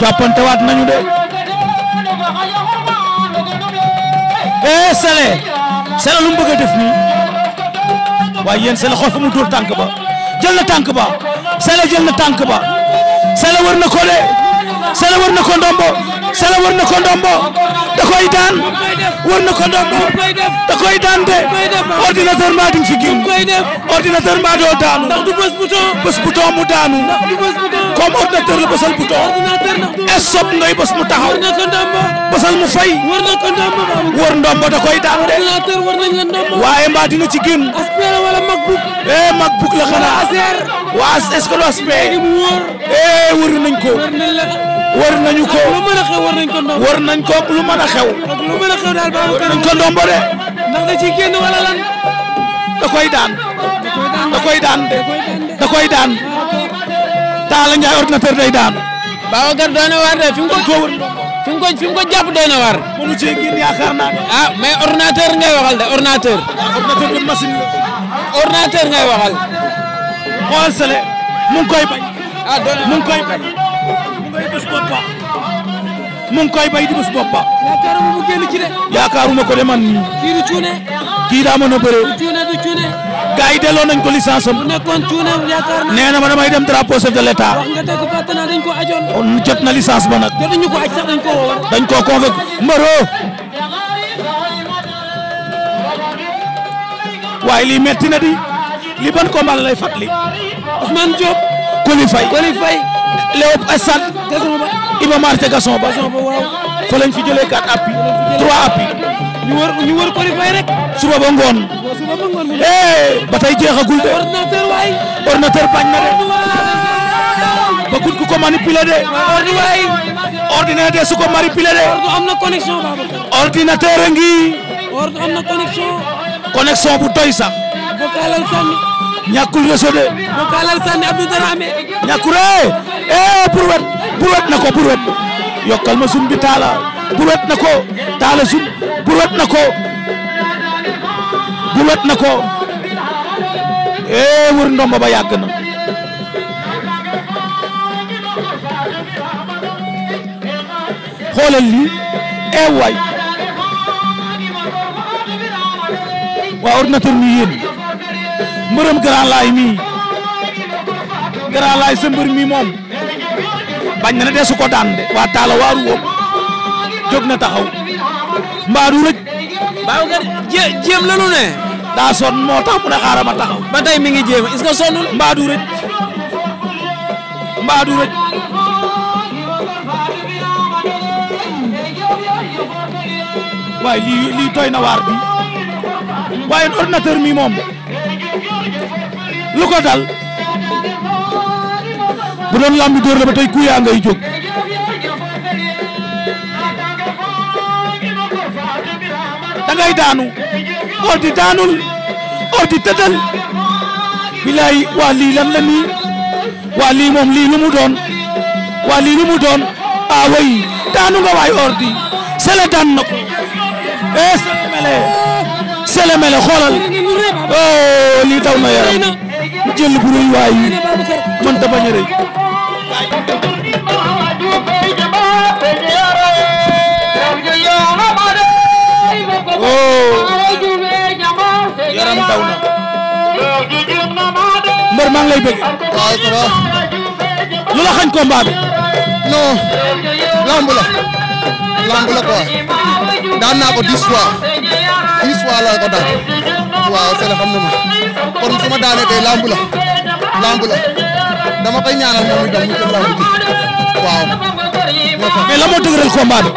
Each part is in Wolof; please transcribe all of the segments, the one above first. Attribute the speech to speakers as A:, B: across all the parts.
A: jàppante waat nañu de eh Sélé Sélé lu mu bëgg a def nii waaye yéen Sélé xool fa mu dóor tànk ba jël na tànk ba Sélé jël na tànk ba Sélé war na ko de Sélé war na ko ndombo Sala war na ko ndombo da koy daan war na ko ndombo da koy daan de ordinateur mbaa duñ fi gis ordinateur daanu ndax du bës bouton mu daanu comme ordinateur la bësal bouton es sob ngay bës mu taxaw bësal mu fay war ndombo da koy daan de waaye mbaa dina ci gën eh MacBook la xanaa waa est-ce que lu aspect eh wër nañ ko. wër nañu ko lu mën a ko lu mën a xew. lu mën a xew daal baaxul kanam ko de. ndax da ciy génn wala lan. da koy daan. da koy daan de da koy ordinateur day daan. Babacar doy na waar de fi mu ko fi mu ko fi mu ko jàpp doy na waar. mënu génn yaakaar naa ne. ah mais ngay waxal de ordinateur. ordinateur bi machine la. ordinateur ngay waxal. xool sële mu ngi koy bay bés bopp ba mu ngi koy bay di bés bopp ba. yaakaaruma ci de. yaakaaruma ko de man nii. kii cuune. kii daa mën a bëree. du cuune du cuune. gars yi delloo nañ ko licence am. bu nekkoon cuune yaakaar naa. nee na ma damay dem drapeau chef de l' état. nga dëgg fàtte naa dañ ko ajoon. jot na licence ba nag. ko aj ko dañ koo convoqué Mbaro. waaye lii metti na di li ban combat lay fàttali. Ousmane Diop. Koli Faye Koli Faye. lañ fi jëlee 4 appui ba ngoon. suba ba ngoon eh, ba tey jeexagul de. ordinateur waay. ordinateur ba gudd ku ko na connexion Babacar. sax. ñàkkul réseau de. moo kaalal sànni Abdou Dramé. ñàkkul eh, eh pour wet wet na wet na ko taala wet na ko pour wet na ko eh wër ndomba ba yàgg na. xoolal lii eh waay waa ordinateur mi mbërëm Grand Laye mii Grand Laye sa mbër moom bañ na ne de waa taala waaru woo na taxaw mbaa du rëcc. baaw nga jéem la nu moo tax mu ne xaaral ma mi ngi jéem est-ce que sonnul. mbaa du rëcc mbaa du rëcc waaye lii na waar mi moom. lu ko dal bu doon lambi dóor ba tey ku ngay jóg da daanu Ordi daanul Ordi tëddal bilaay waa lii lan la waa lii moom lii lu mu doon waa lii lu mu doon ah way daanu nga waay Ordi sele daan na ko eh, mele mele xoolal oh lii daw na yaram jël yi mën ta bañ a rëy oh yaram daw na mbër maa lu la xañ combat bi non lamb la lamb la quoi daan naa ko dix fois dix fois laa ko daan waaw seen xam na ma kon su ma daanee tey lamb la dama koy ñaanal moom itam mu jël lamb ji waaw. la moo dëgëral combat bi.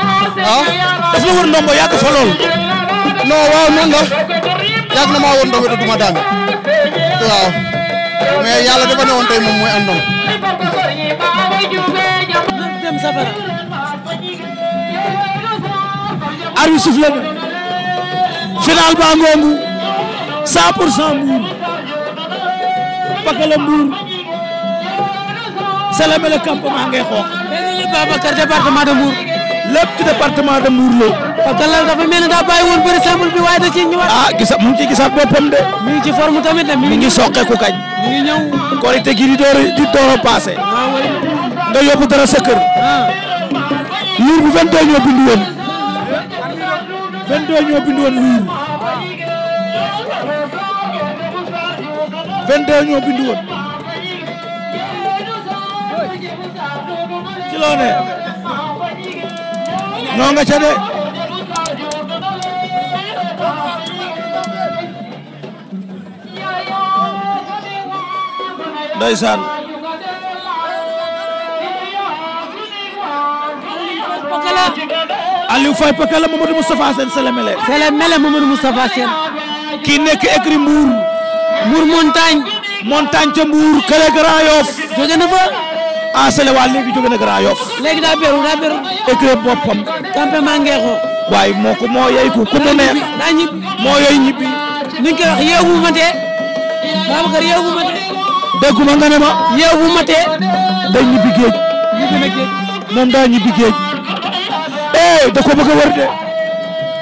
A: ah daf la war ndombo fa lool. non waaw noonu la yàgg na maa woon ndombo te du ma daan waaw mais yàlla dafa ne woon tey arbitre soufflé na final baa ngongu 100 pour cent Mbour Pakala Mbour Sélémélé campement ngay xoox dañuy Babacar département de Mbour lépp ci département de Mbour la Pakala dafa mel ni daa bàyyi woon bëri simple bi waaye da ci ñëwaat ah gisa mu ngi ci gisaat boppam de mi ngi ci forme tamit de mi ngi soqeeku kañ mi ngi ñëw korite gi di door di door a passé ah, nga yóbbu dara sa kër yuur ah. bu 22 ñoo bindu 22 ñoo bind woon Lirou 22 ñoo bind woon ci loo ne ñoo ca de ndeysaan Pakala Aliou Faye Pakala Mamadou Moustapha Sène c'est le mêlé. c'est le mêlé Mamadou Moustapha Sène. kii nekk écrit Mbour. Mbour montagne. montagne ca Mbour kële Grand Yoff. jóge na fa. ah c'est le waa na Grand Yoff. léegi daa beru daa beru. écrit boppam. campement Ngexo. waaye moo ko moo yey ku mu neex. daa ñib ñibbi. ni nga koy wax yeewu ma tee. Babacar yeewu ne ma. yeewu ma tee. ñibbi géej. ñibbi na ñibbi géej. da ko bëgg a wër de